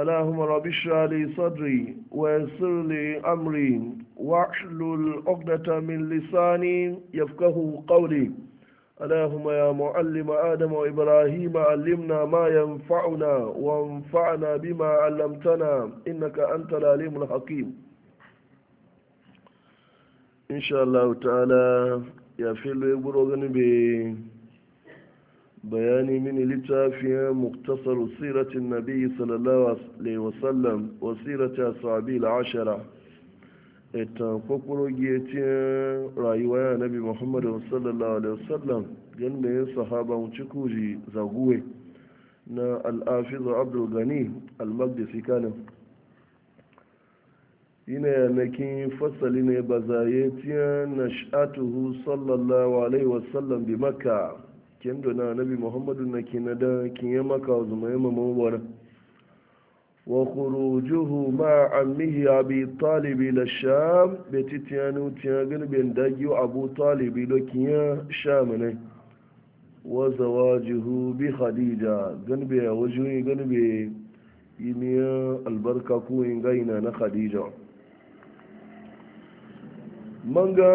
اللهم رب اشرح لي صدري ويسر لي امري واحلل عقدة من لساني يفقه قولي اللهم يا معلم ادم وابراهيم علمنا ما ينفعنا وانفعنا بما علمتنا انك انت العليم الحكيم ان شاء الله تعالى يا فيلو يبرو bayani mini littafin muktasar siratin nabi sallallahu alaihi wasallam wa sirata sabi al'ashara ita kwakwaro giyacin rayuwa ya nabi muhammadu sallallahu alaihi wasallam yadda ya sahaba wuce zaguwe na al'afizu abdul gani al-magdisi kanin yana yanakin fasali ne ba zaye tiyan na sha'atuhu sallallahu alaihi wasallam bi makka kendo na nabi muhammadu na kina da kiyan maka zuma yi mamman wani wa khurujuhu ma ammihi abi talibi la sham be titiyanu tiyan gilbin wa abu talibi lo kiyan sham ne wa zawajihu bi khadija ganbe ya wajuhi ganbe imiya albarka ko ingaina na khadija manga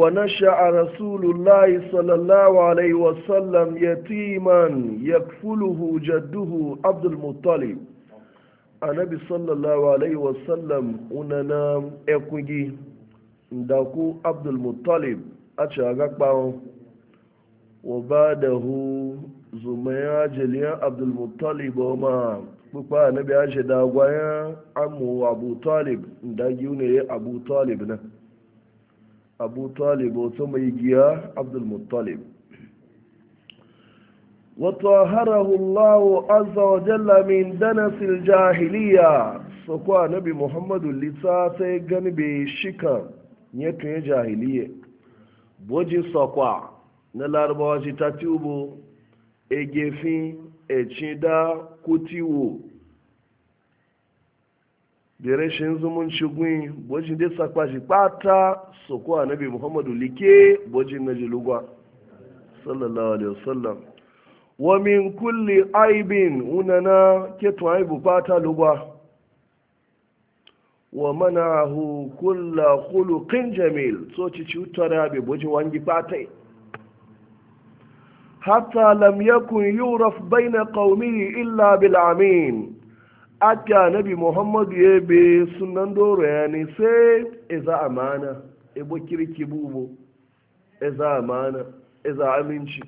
ونشأ رسول الله صلى الله عليه وسلم يتيما يكفله جده عبد المطلب النبي صلى الله عليه wa ba da hu zumaya jiliyan abdul muttalib amu abu da ne abu na abu talib wata mai giya abdulmuttalib wata harahullahu azza wa jalla min danasil jahiliya sakwa nabi muhammadu lita ta ganbe shikan bai jahiliya bojin sakwa na larabawa ji ta tubo a gefin e a kutiwo da rashin zumunci gwi bojin dai sakwa shi bata soko annabi muhammadu like bojin na jilugwa sallallahu alaihi wasallam wa min kulli aibin unana ketu aibu bata lugwa wa manahu kulla khuluqin jamil so ci cutara be bojin wangi bata hatta lam yakun yuraf bayna qaumihi illa bil amin aka nabi muhammadu ya be sunan doro ya ne sai iza amana ebo kirki bubo iza amana iza aminci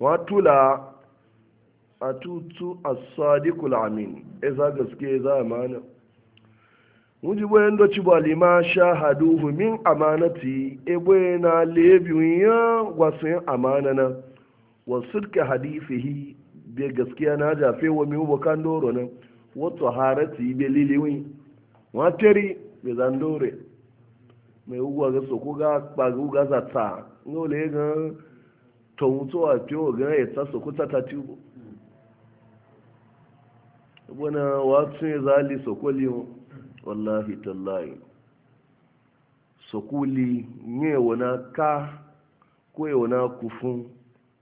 watula a tutu a sadiqul amin iza gaske iza amana mujibu yan doci balima shahaduhu min amanati ebo na lebiyun ya wasu amana na wasu ka hadifihi bai gaskiya na jafe wa mi bukan doro nan wato harati ibe liliwi wateri be zandore mai ugwa ga soko ga kpaga uga za ta ngole ga to mutu a fiyo ga ya e ta soko ta ta tubo wana watu ya zali soko liyo wallahi tallahi sokuli nye wana ka ko wana kufun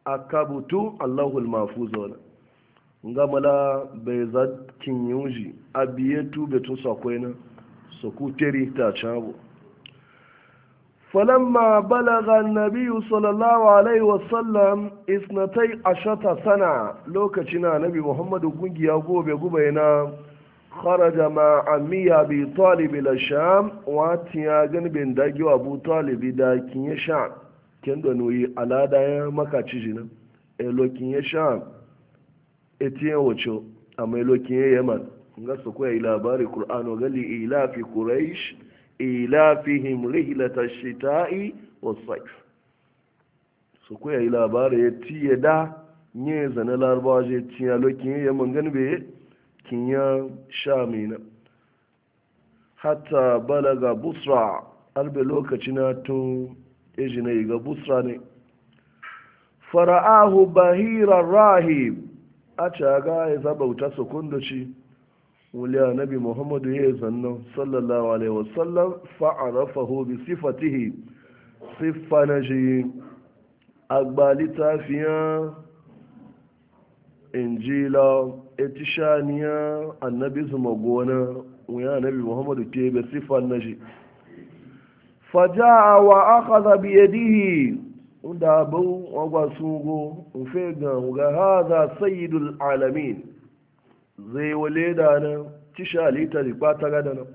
akabutu allahul mahfuz wala ngamala bai za kin yunji a biye tube tun sakwai na su ku ta cabo falamma balaga nabiyu sallallahu alaihi wasallam isnatai ashata sana lokaci na nabi muhammadu gungiya gobe gube na kharaja ma amiya bi talib ila sham wa tiya ganbin dagiwa abu talib da kin sham kin nuyi alada ya makaci jina elokin ya etiyan wace a mai lokin ya yaman ga su kuwa labari ƙur'anu gali ilafi ƙuraish ilafihim rihilata shita'i wa saif su labari ya tiye da nye zane larabawa je tiya lokin ya yaman gani bai kinya shamina hatta balaga busra albe lokaci na tun ejina ga busra ne fara'ahu bahirar rahib a caga ya zaba wuta sakundoci wuliya nabi muhammadu ya yi zanna sallallahu alaihi wasallam fa'arafahu bi sifatihi siffa na shi agbali ta eti injila etishaniya annabi zuma gona wuya nabi muhammadu ke bi siffa na shi fajawa aka akhadha bi yadihi inda abin wagwa sugo nfe ga ga haza sayyidul alamin zai wale da na tisha halitta rikpa ta gada na.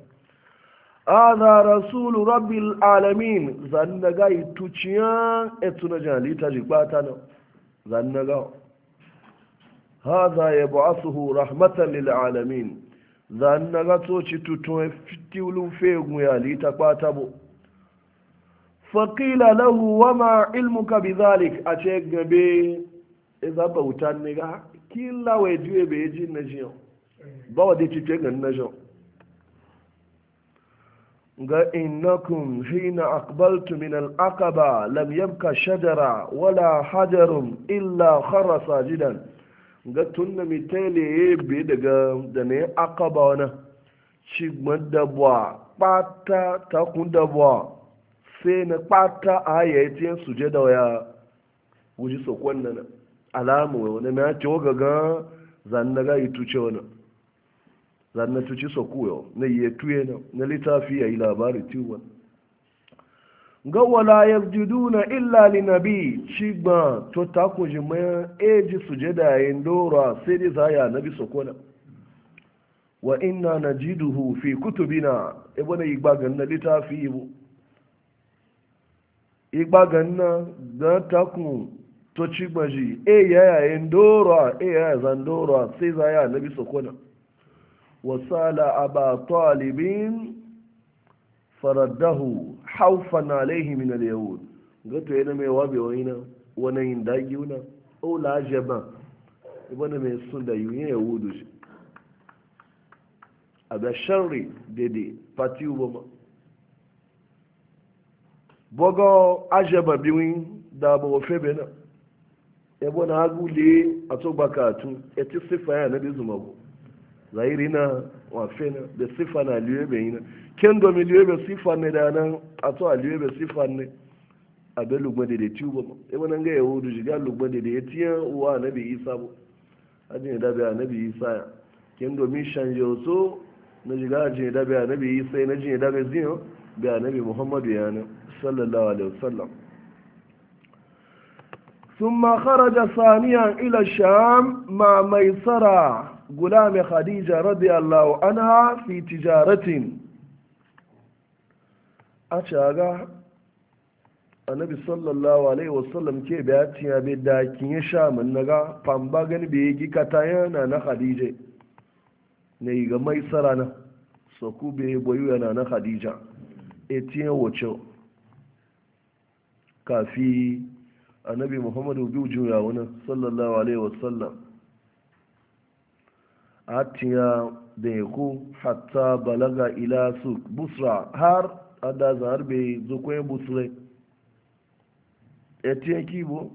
haza rasulu rabbil alamin zan na ga ituciyan etuna jan halitta rikpa ta na zan daga. ga haza ya ba'asuhu rahmatan lil alamin zan na ga to ci tutun fitiwulun fegun ya halitta kwata bo faƙila lahu wama ilmuka bi zalik a ce gabe iza bauta ne ga kila wa juye bai ji na jiyan ba wa dai cike gan na jiyan ga innakum hina aqbaltu min al-aqaba lam yabka shajara wala hajarum illa kharra sajidan ga tunna mi tele be daga da ne aqaba wana ci gbadda bwa pata ta kun da sai na kpata a ya yi suje da waya wuji sokon nan alamu wani na ce waga ga zan na ga yi tuce wani zan na tuci soku yau na yi tuye na na littafi ya yi labari tiwon ga wala ya na illa li nabi cigba to ta ku ji mayan eji suje da yayin dora sai dai za ya nabi sokona wa inna najiduhu fi kutubina ibana igba ganna littafi ibu igbagan na da takun to ci gbaji e ya yin dora e ya zan dora sai za ya nabi sokona wasala aba talibin faraddahu haufan alaihi min al-yahud gato yana mai wabe wani na wani yin dagi wuna ola jama ibana mai sun da yuyin yahudu shi a da sharri daidai pati ubama bogo ajaba biwi da bo na ebo na agule atoba katu eti sifa ya na bizuma bo zahiri na wa na be sifa na liwebe ina kendo mi liwebe sifa ne da ato a liwebe sifa ne a be lugma da da tuba ma ebo nan ga yahudu shiga lugma da da uwa nabi isa bo ajin da be nabi isa ya kendo mi shanje na shiga ajin da be nabi isa na jin da be zin be muhammadu ya na. sallallahu alaihi wasallam ثم خرج ثانيا إلى الشام مع ميسرة غلام خديجة رضي الله عنها في تجارة أشاغا النبي صلى الله عليه وسلم كي بياتي أبي داكي شام النغا فانباغن بيجي كتايانا نا خديجة نيغا ميسرة سوكو بيه بيوانا نا خديجة اتين وچو kafi annabi muhammadu biyu juya wani sallallahu alaihi wasallam a atiya da ya ku hatta balaga ila su busra har ada zahar bai zo kwaye busra etiyan kibo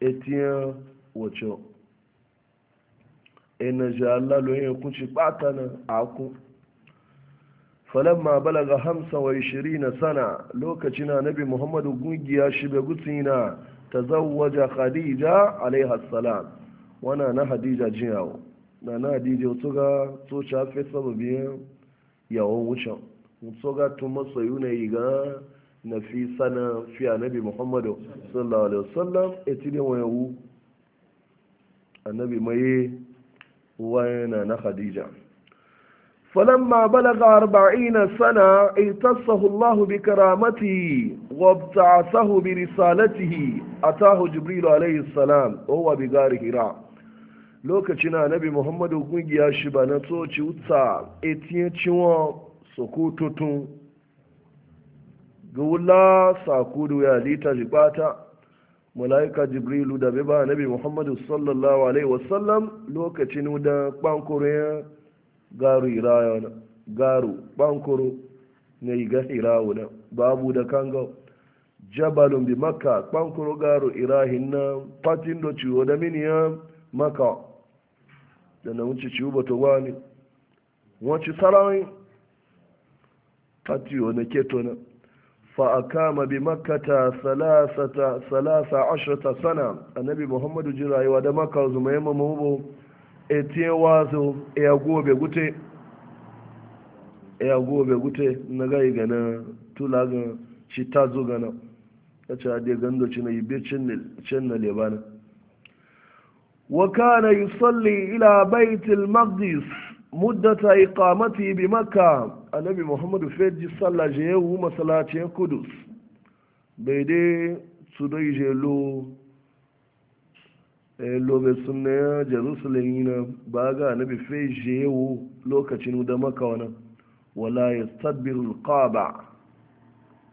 etiyan wacce ina ji allah lo yin kunci bata na akun falamma balaga hamsa wa ishirina sana lokaci na nabi muhammadu gungiya shi bai gutsina ta zawaja khadija alaihi salam wana na hadija jiyawo na na hadija wato ga to shafe sababi yawon wucin wato ga tun masoyu na yi ga na fi sana fi nabi muhammadu sallallahu alaihi wasallam etilin wayawu annabi maye wayana na hadija فلما بلغ أربعين سنة اتصه الله بكرامته وابتعثه برسالته أتاه جبريل عليه السلام وهو بغار هراء lokacin annabi muhammadu kungiya shi ba na tsoci wuta etiye ciwon sokototun ga wula sakudu ya lita jibata malaika da bai ba annabi muhammadu sallallahu lokacin da kwankurin garu iraya na garu bankuru ne iga irawo na babu da kango jabalun bi makka bankuru garu irahin na patin do ciwo da miniya makka da na wuce ciwo ba to wani wacce sarawin patiyo na keto na فأقام salasa salasa ثلاثة sana annabi Muhammadu محمد rayuwa da مكة زميم موبو ete wazo ya gobe gute ya gobe gute na yi gana tula gana shi ta zo gana ta ce ade gando ci na ibe cin na lebana wa kana tsalli ila baitul magdis muddata iqamati bi makka annabi muhammadu fejji sallah je yahu masalacin kudus bai dai su dai je lo lobe sunna ya jerusalem yana ba ga nabi feje yawo lokacin da maka wani wala ya stabbirul kaba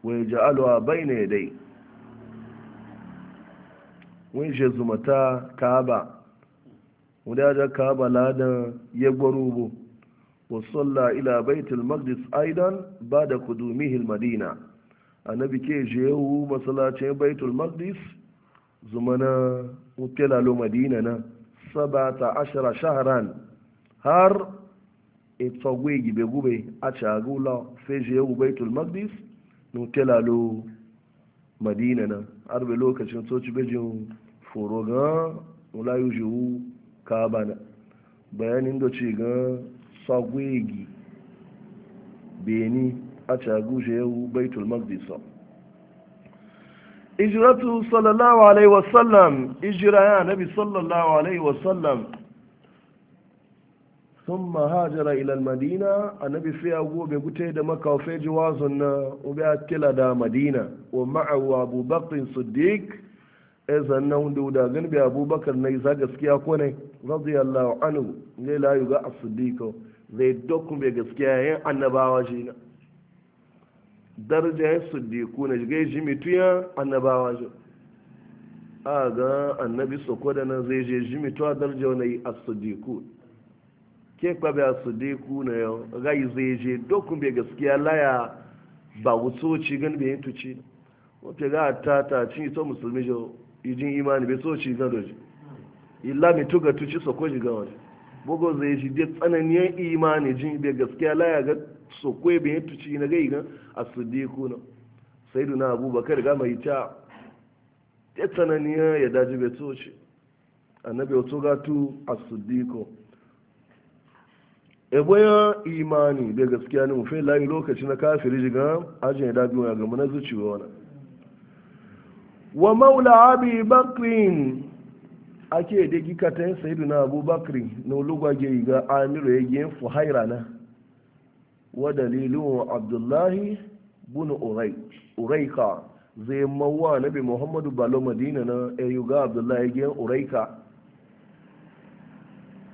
wai ya ja'alwa bai na dai wani je zumata kaba wani ya ja kaba ladan ya gwarubo wa salla ila baitul maqdis aidan ba da kudumihil madina annabi ke je masallacin masalacin baitul zumana utelalo madina na sabata ashara shaharan har itsogwe gibe gube a cagula feji ya baitul magdis nutelalo madina na har bai lokacin soci bejin foro ga mulayu jiwu kaba na bayanin da ce ga sagwegi beni a caguje ya baitul magdis ijiratu sallallahu alaihi wasallam ijira ya nabi sallallahu alaihi wasallam sun mahajara ilal madina a nabi sai ya gobe gute da makafe jiwazon na ubiya kila da madina wa ma'awa abubakar siddiq e zannan da gan bi abubakar na isa gaskiya ko ne radiyallahu anhu ne la yuga as-siddiq zai dokun bi gaskiya yin annabawa shi na daraja ya siddiku na jigai jimi mituya annabawa jo a ga annabi soko da nan zai je jimi tuwa na wani a siddiku ke kwabe a siddiku na yau rai zai je dokun bai gaskiya laya ba wusoci gan bai yin tuci wata ga ta ta cin ito musulmi jo ijin imani bai soci gan doji illa mai tuga tuci soko jiga wani bugu zai ji dai tsananiyar imani jin bai gaskiya laya ga so kwe bin yato ci na gai na a siddiku na sai duna abubakar ga mai ta ya tsananiya ya daji bai toci annabi wato gatu a siddiku ebo ya imani da gaskiya ne mufin layi lokaci na kafiri jiga ajin ya dabi wani gama na zuciwa wani wa maula abi bakrin ake da gikatan sayidu na abubakri na lugwage ga amiru ya gen fuhaira na ودليله عبد الله بن أريكا zai mawa nabi muhammadu balo madina na ayyuga abdullahi giyan uraika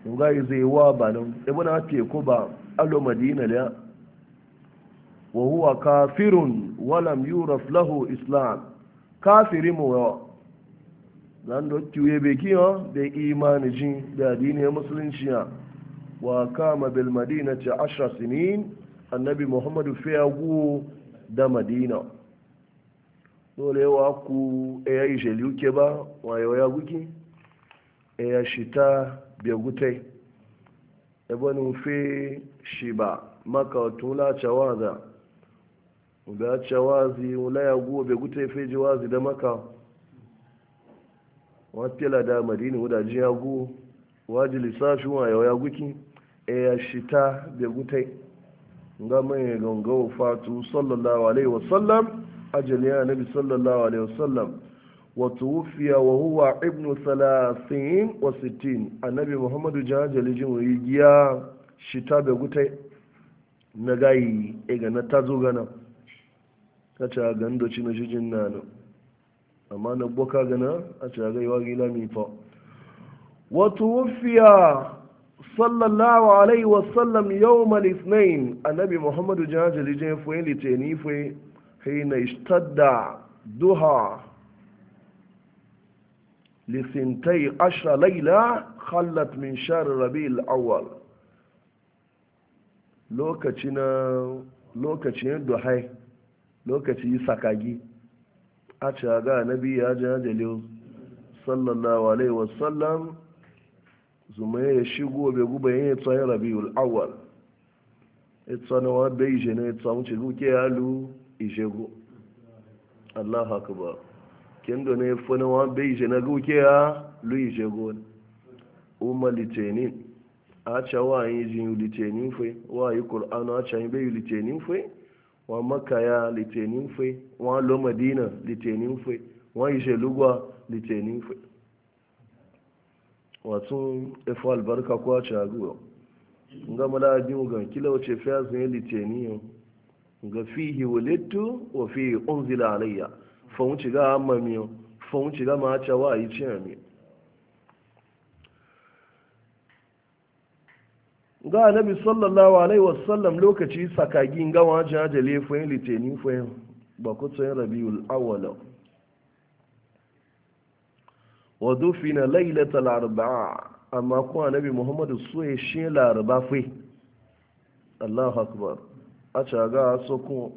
ngai zai wa banin ibn afi ko ba alo madina da wa huwa kafirun walam yuraf lahu islam kafiri mu zan do kiwe be kiyo be imani jin da dinin musulunci wa kama bil madinati 10 sinin annabi muhammadu fiyagu da madina dole wa ku eya ijeli uke ba wayo ya guki eya shita begute ebe ni fi shi ba maka otun lacewa da ube acewa zi wula ya guwa begute feji wazi da maka wapila da madina wudaji ya gu waji lissafi wayo ya guki eya shita begute Nga mai gangawa fatu sallallahu alaihi wasallam ajali ya nabi sallallahu alaihi wasallam wata wufiya wa huwa ibnu salasin wa sittin annabi muhammadu jajali jin wuyi giya shi ta beguta na gayi ga na ta zo gana ta ce a gando ci na shi na nanu amma na boka gana a ce a wa gila mi fa wata wufiya sallallahu alaihi wasallam Yau al-ithnain annabi muhammadu jajali je fo yin litini fo hina ishtadda duha لثنتي عشر ليلة خلت من شهر ربيع الأول لوكتنا lokacin duhai lokaci yi sakagi a caga nabi ya jajale sallallahu alaihi wasallam zuma ya shigo bai guba yin ya tsaye rabiul awal ya wa bai yi ne ya tsamu ce guke ya lu ishe go allah haka ba kendo ne wa bai ishe na guke ya lu ishe go umar litinin a ca wa yi jin litinin fai wa yi kur'anu a ca yi bai litinin fai wa makaya litinin fai wa lo madina litinin fai wa ishe lugwa litinin fai watun efo albarka ko ce aguwa nga mala biyu ga kila wace fiya zan yi litini ga fihi walittu wa fihi unzila alayya fa wuce ga amma miyo fa wuce ga ma cha wa yi ci ami ga annabi sallallahu alaihi wasallam lokaci sakagi ga wajen ajale fa yi litini fa ba ko tsayin rabiul awwal wa dufina lailata larba'a amma ko nabi muhammadu su ya shi laraba fai allahu akbar a caga so kuma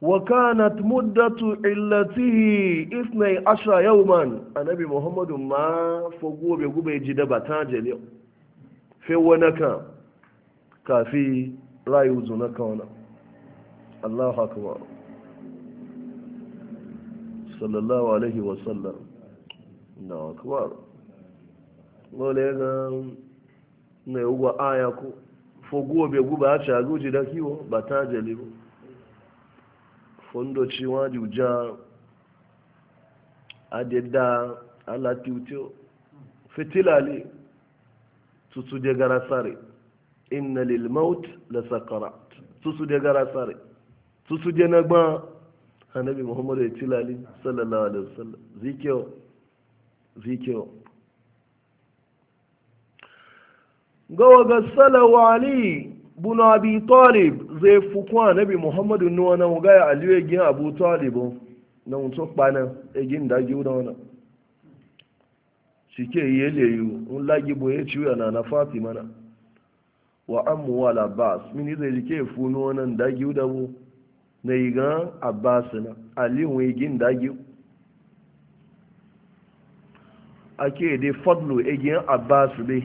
wa kanat muddatu illatihi isnai ashra yawman annabi muhammadu ma fo gobe gube ji da bata fe wani kafi rayu zuna ka allahu akbar sallallahu alaihi wasallam na akwar wale ga na yi ugwa aya ku foguwa bai guba a cha ji da kiwo ba ta jali ba fondo ci wa juja adeda alatiutio fitilali tutu de garasare inna lil maut la sakara tutu de garasare tutu de nagba annabi muhammad ya ci lali sallallahu alaihi wasallam zikiyo zikiyo gawa ga salawa ali bunu abi talib zai fukun annabi muhammadu nuwa na wugaya aliyu egin abu talibu na wuto kpanan egin dagi na wana cike iye leyu n lagi boye ciwo na na fatima na wa amuwa labas mini zai jike funu wannan dagi da bu na yi gan abasu na aliyun igin dagi ake da fadlo igin e abbasu dai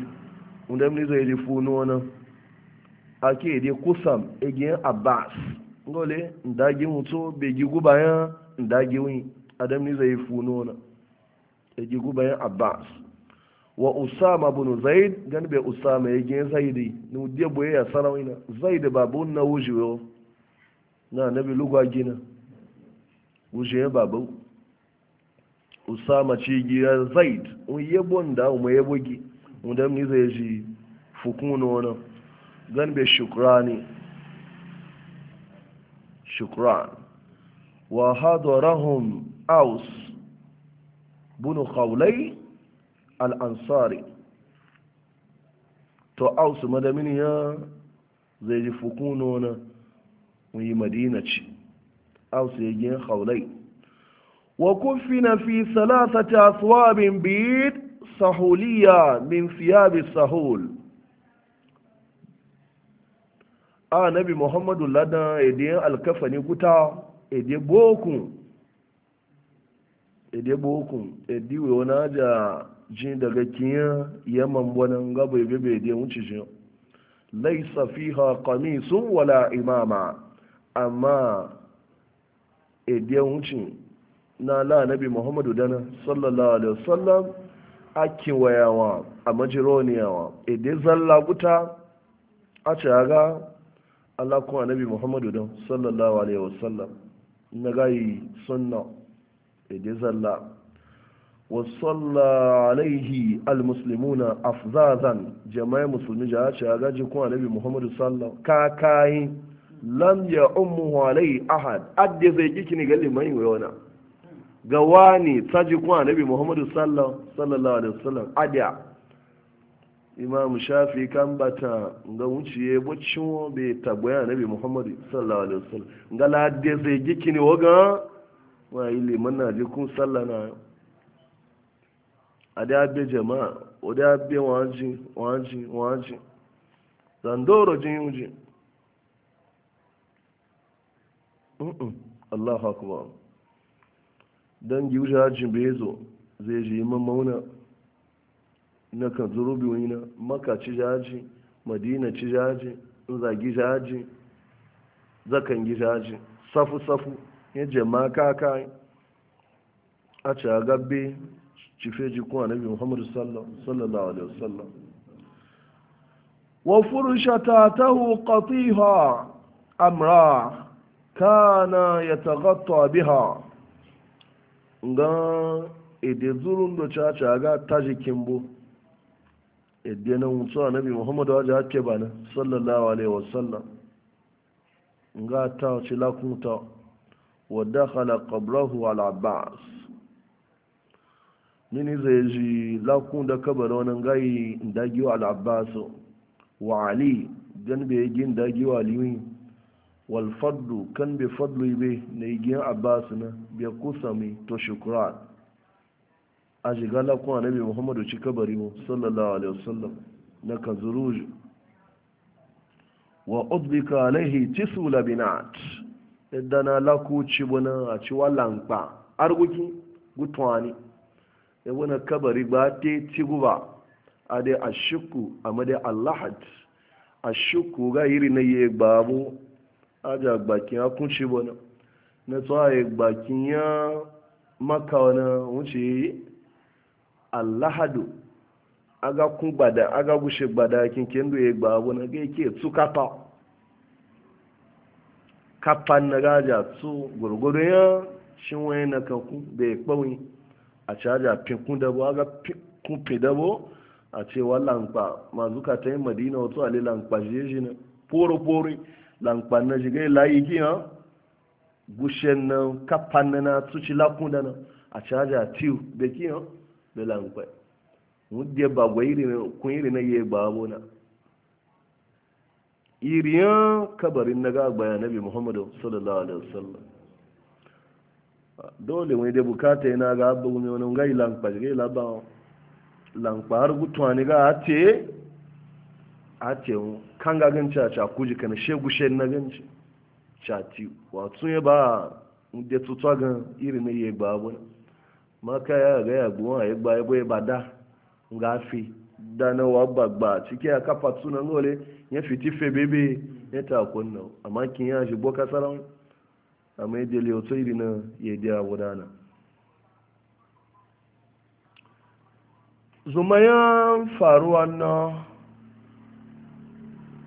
wanda mini zai yi rufu na ake yi da kusam igin e abbas gole dagi mutu begi gubayen dagi wani adam ni zai rufu nuna e guba gubayen abasu wa usama bin zaid gan be usama igin zaidi ni udiya boye ya sarawina zaid babun na wujewa na nabi lugwa gina wuce babu usama ci gira zaid u yebo nda un yebo gi un da mi zai ji fukuno ona gan be shukrani shukran wa hadarahum aus bunu khawlai al-ansari to aus madamini ya zai ji fukuno ona Mun yi madina ci aw su yagin haulai wa kufina fi salasati aswabin bid sahuliya min siyabi sahul a nabi muhammadu ladan ediyan alkafani guta ede boku ede boku da jin daga kiyan yaman wani gaba ebe bai ede wuce jin laisa fiha qamisun wala imama amma ediyan wucin na la'anabi muhammadu dana sallallahu alaihi wasallam a kiwayawa a majironiyawa ede zalla guta a caga alakon anabi muhammadu don sallallahu alaihi wasallam na gayi sunna ede zalla wasalla alaihi almuslimuna afzazan jama'i musulmi ja a caga jikun anabi muhammadu sallallahu kakayin lam ya ummu walai ahad adde zai kiki ga galli mai wayona ga taji kuma nabi muhammadu sallallahu alaihi wasallam adiya imam shafi kan bata ga wuciye bocin be tabbaya nabi muhammadu sallallahu alaihi wasallam ga ladde zai kiki ni waga wa ile manna ji kun sallana adiya be jama'a odiya be waji waji waji zandoro jin yujin Allah ba don gi wuce hajjin bai zo zai ji yi mauna na kan zuru biyu na maka ci jaji madina ci jaji zagi jaji zakan gi jaji safu safu ya jama kaka a ci a gabbe ci feji na biyu muhammadu sallallahu alaihi wasallam wa furushata ta hukatiha amra kana ya tagatta biha ga ede zurun da caca ga tajikin bu ede na mutu a nabi muhammadu wajen hake ba na sallallahu alaihi wasallam ga ta wace lakunta wadda khala kabrahu al abbas nini zai ji lakun da kabar wani gayi dagiwa al'abbasu wa ali gan bai gin dagiwa liwin walfadlu kan bi fadlu ibe na igiyan abbas na biya kusami to shukura. a shiga lakon annabi muhammadu ci kabari mu sallallahu alaihi wasallam na kazuruj wa udbika alaihi tisu labinat idan na laku ci bana a ci walanka arguki gutuwani ya wani kabari ba te ci guba a dai ashiku a madai allahat ashiku ga iri na yi babu aja gbakin akunci wani na tsaye gbakin ya maka wani wuce allahadu aga kun gbada aga gushe gbada kinkin da ya gba abu na ga ike tu kafa kafa na gaja tu gurguru ya shin waye na kanku da ya kpawin a caja finkun dabo aga kun dabo a cewa wa lankpa mazuka ta yi madina wato ale lankpa shi ne poro-poro lankpanna na ila layi ha gushen na kapan na na tuci lakun da na a caja tiw da giyan da lankpan mudde ba gwa iri na kun iri na yi ba abu na iriyan kabarin na gagba nabi muhammadu sallallahu alaihi wasallam dole wani da bukata yana ga abu ne wani gai lankpa jigai labawa lankpa har gutuwa ne ga a ce ate mu kan gagan caca kuji kana shegushe na ganci cati wato ya ba da tutuwa gan iri na iya gba abu maka ya ga ya gbuwa ya gba ya ba da nga da na wa gba cike ya kafa tunan gole ya fiti fe bebe ya ta kunna amma kin ya shi boka sarawun amma yadda leoto iri na ya da wadana zumayan faruwa na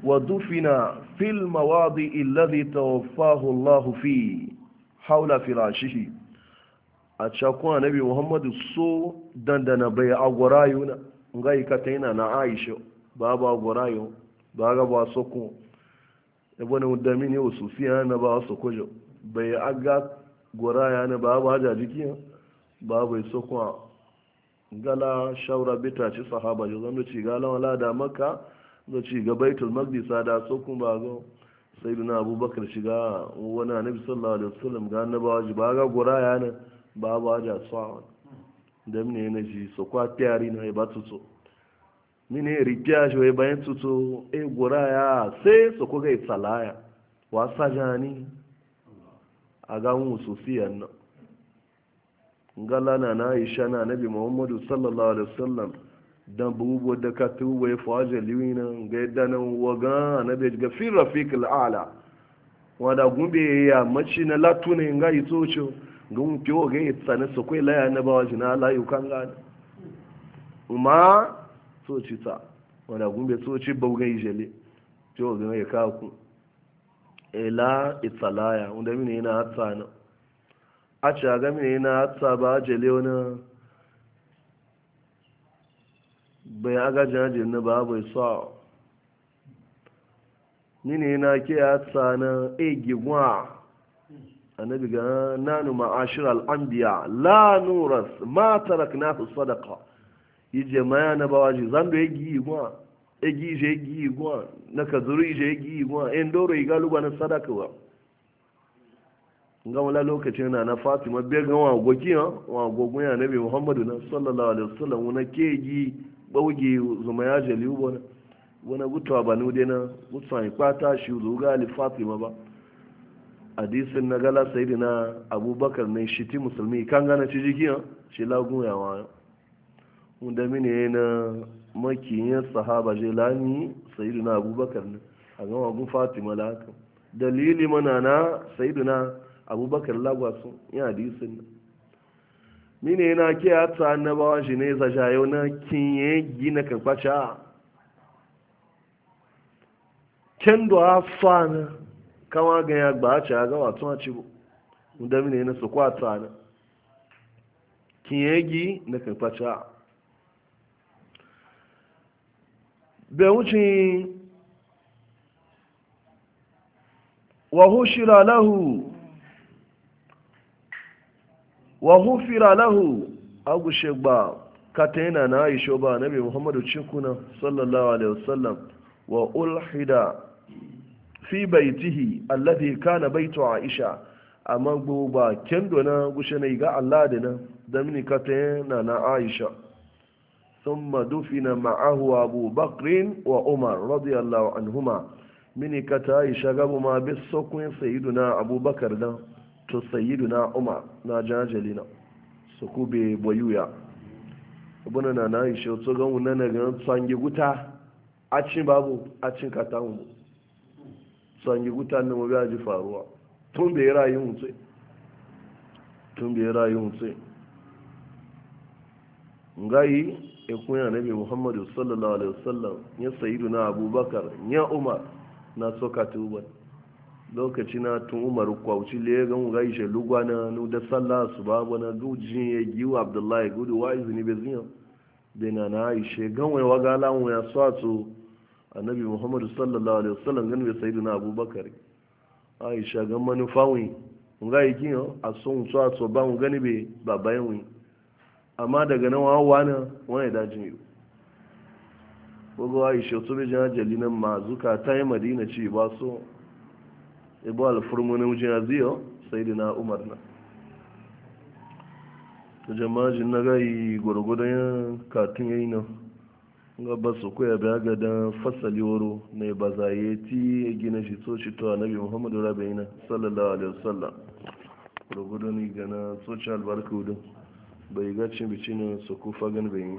ودفن في المواضع الذي توفاه الله فيه حول فراشه أتشاكوا نبي محمد سو دندنا بي أغرايونا ngai ka taina na Aisha babu agorayo ba ga ba soko ebo ne udamini ususiya na ba soko jo bai aga goraya ba ba ja jiki ba bai soko gala shawra bita sahaba jo zan ci gala wala da maka da ci ga baitul maqdisa da so kun ba ga sayyidina abubakar shiga wani annabi sallallahu alaihi wasallam ga annabawa ji ba ga gura ya nan ba ba da sawa da mine na ji so kwa tiyari na ba tuto mine ripiya shi wai bayan tutu e gura ya sai so ko ga salaya wa sajani a ga mu fi nan ngala na isha na annabi muhammadu sallallahu alaihi wasallam dan bubuwa da ka tuwa ya faje liwina ga yadda nan waga na bai ga fi rafiq al'ala wada gumbe ya mace na latune ga yi tsocho ga mun fiwo ga yi tsane su kai laya na bawa jina layu kan gani ma tsoci ta wada gumbe tsoci ba ga yi jele fiwo ga ya kaku ila itsalaya wanda mini yana hatsa na a ci a ga mini yana hatsa ba jele wani bai aga jajin na ba bai sa ne na ke ya tsana egigwa annabi ga nanu ma'ashir al'ambiya la nuras ma tarak na su sadaka yi jama'a na bawa ji zan da yi e gi igwa egi je e gi igwa na ka zuri je e gi igwa en doro yi galuba na sadaka ba Nga wala lokacin na na fatima bai ga wa gogi wa gogun ya nabi muhammadu na sallallahu alaihi wasallam na ke gi bauge zuma ya jeli wani wani gutu ba nude na gutuwa ya ta shi zuwa ali fatima ba hadisin na gala sayidi na abubakar na shi musulmi kan gana ci jikiya shi lagun yawa wanda mini na makiyin sahaba jelani sayidi na abubakar ne a gama gun fatima la haka dalili mana na sayidi na abubakar lagwasu ya hadisin na mine na ke ya ta annabawa shi ne za sha na kinye gina karkwacha ken do a na kama ga ya gba cha ga wato a cibo da mine na su kwata na kinye gi na karkwacha be wuce wa lahu wa hufira lahu agushe ba katena na aisho ba nabi muhammadu cikuna sallallahu alaihi wasallam wa ulhida fi baitihi alladhi kana baitu aisha amma gbogbo kendo na gushe na iga allah da na damini katena na aisha ثم دفن معه أبو بكر وعمر رضي ka عنهما من كتا يشغب ما بالسكن سيدنا أبو بكر ده to sayidu na umar na jajali na su kube bayuya na na ishe to gan wuna na gan tsangi guta a cin babu a cin katawun mu tsangi guta na mabi aji faruwa tun bai rayu mutse tun bai rayu mutse ngayi e na nabi muhammadu sallallahu alaihi wasallam ya sayidu na abubakar ya umar na sokatu bane lokaci na tun umaru kwauci le gan ga na lugwana nu da sallah su babu na dujin ya giwa abdullahi gudu wa izini be zinya de na na ishe gan wai waga lawo ya swatu annabi muhammadu sallallahu alaihi wasallam gan sai duna abubakar aisha gan manufawi ga yi kinyo a sa su ba mu gani be babayen wi amma daga nan wa wani wani dajin yi ko ga aisha to be jan jalinan mazuka ta yi madina ci ba so ibo ne wujen aziyo sai na umar na ta jama'ajin na gai gwargwadon katun yayi na ga ba su koya bi agadan fasali waro na ba zaye ti gina shi so soci to annabi muhammadu rabai na sallallahu alaihi wasallam gwargwadon gana soci albarka wudin bai gacin bicinin su kufa gan bayan